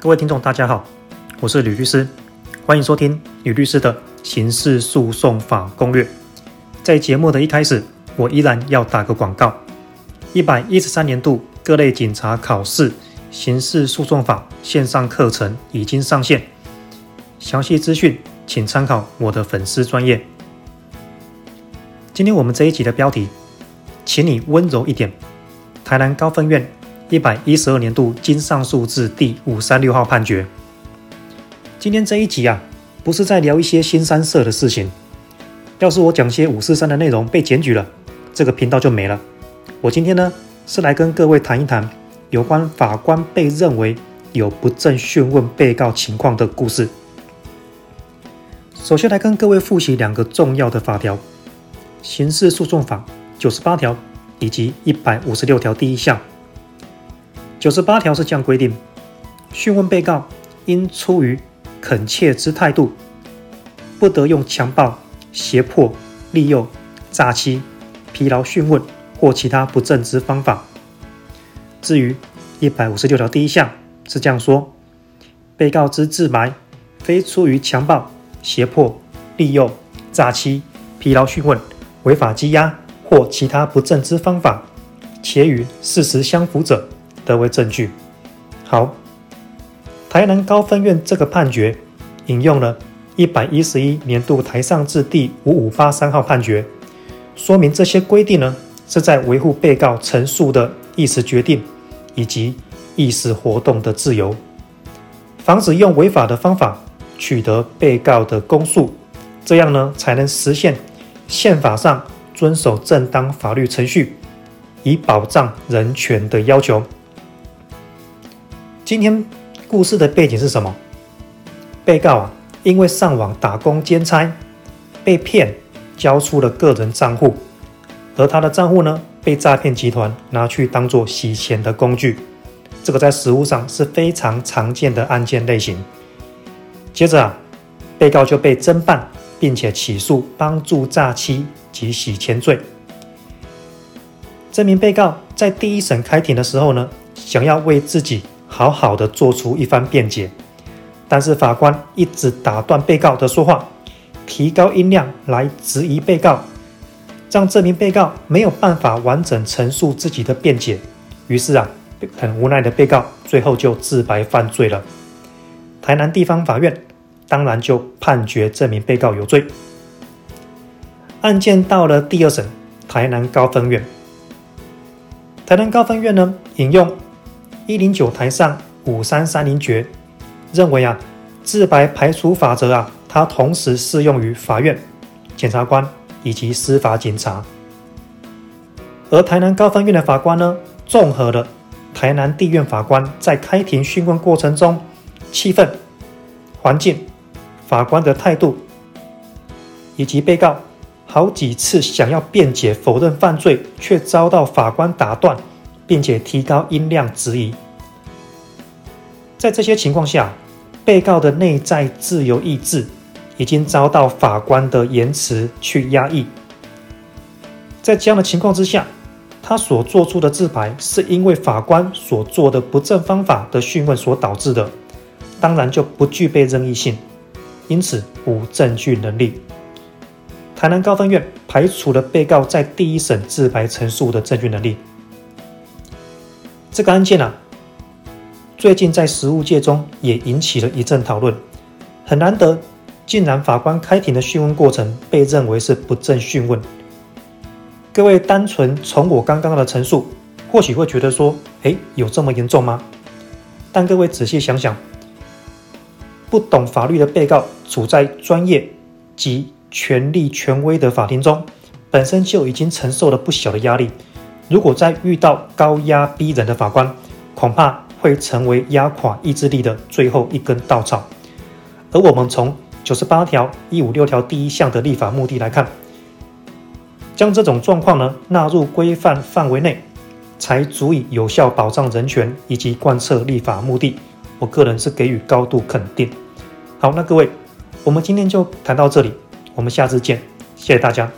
各位聽眾，大家好，我是呂律師，歡迎收聽呂律師的《刑事訴訟法攻略》。在節目的一開始，我依然要打個廣告：一百一十三年度各類警察考試、刑事訴訟法線上課程已經上線，詳細資訊請參考我的粉絲專頁。今天我們這一集的標題，請你溫柔一點，台南高分院。一百一十二年度金上訴字第五三六號判決。今天這一集啊，不是在聊一些腥羶色的事情。要是我講一些五四三的內容被檢舉了，這個頻道就沒了。我今天呢，是來跟各位談一談有關法官被認為有不正訊問被告情況的故事。首先來跟各位復習兩個重要的法條：《刑事訴訟法》九十八條以及一百五十六條第一項。九十八條是這樣規定：訊問被告，應出於懇切之態度，不得用強暴、脅迫、利誘、詐欺、疲勞訊問或其他不正之方法。至於一百五十六條第一項是這樣說：被告之自白，非出於強暴、脅迫、利誘、詐欺、疲勞訊問、違法羈押或其他不正之方法，且與事實相符者。得為證據。好，台南高分院這個判決引用了一百一十一年度台上字第五五八三號判決，說明這些規定呢，是在維護被告陳述的意思決定，以及意思活動的自由，防止用違法的方法取得被告的供述，這樣呢，才能實現憲法上遵守正當法律程序，以保障人權的要求。今天故事的背景是什麼？被告啊，因為上網打工，兼差被騙，交出了個人賬戶，而他的賬戶呢，被詐騙集團拿去當做洗錢的工具。這個在實務上是非常常見的案件類型。接着啊，被告就被偵辦，並且起訴幫助詐欺及洗錢罪。這名被告在第一審開庭的時候呢，想要為自己好好的做出一番辯解，但是法官一直打斷被告的說話，提高音量來質疑被告，讓這名被告沒有辦法完整陳述自己的辯解。於是啊，很無奈的被告最後就自白犯罪了。台南地方法院當然就判決這名被告有罪。案件到了第二審，台南高分院。台南高分院呢，引用。一零九台上五三三零決認為啊，自白排除法則啊，它同時適用於法院、檢察官以及司法警察。而台南高分院的法官呢，綜合了台南地院法官在開庭訊問過程中氣氛、環境、法官的態度，以及被告好幾次想要辯解否認犯罪，卻遭到法官打斷。並且提高音量質疑，在這些情況下，被告的內在自由意志已經遭到法官的言辭去壓抑。在這樣的情況之下，他所做出的自白是因為法官所做的不正方法的訊問所導致的，當然就不具備任意性，因此無證據能力。台南高分院排除了被告在第一審自白陳述的證據能力。這個案件啊，最近在實務界中也引起了一陣討論。很難得，竟然法官開庭的訊問過程被認為是不正訊問。各位單純從我剛剛的陳述，或許會覺得說：“哎，有這麼嚴重嗎？”但各位仔細想想，不懂法律的被告處在專業及權力權威的法庭中，本身就已經承受了不小的壓力。如果再遇到高壓逼人的法官，恐怕會成為壓垮意志力的最後一根稻草。而我們從九十八條、一五六條第一項的立法目的來看，將這種狀況呢納入規範範圍內，才足以有效保障人權以及貫徹立法目的。我個人是給予高度肯定。好，那各位，我們今天就談到這裡，我們下次見，謝謝大家。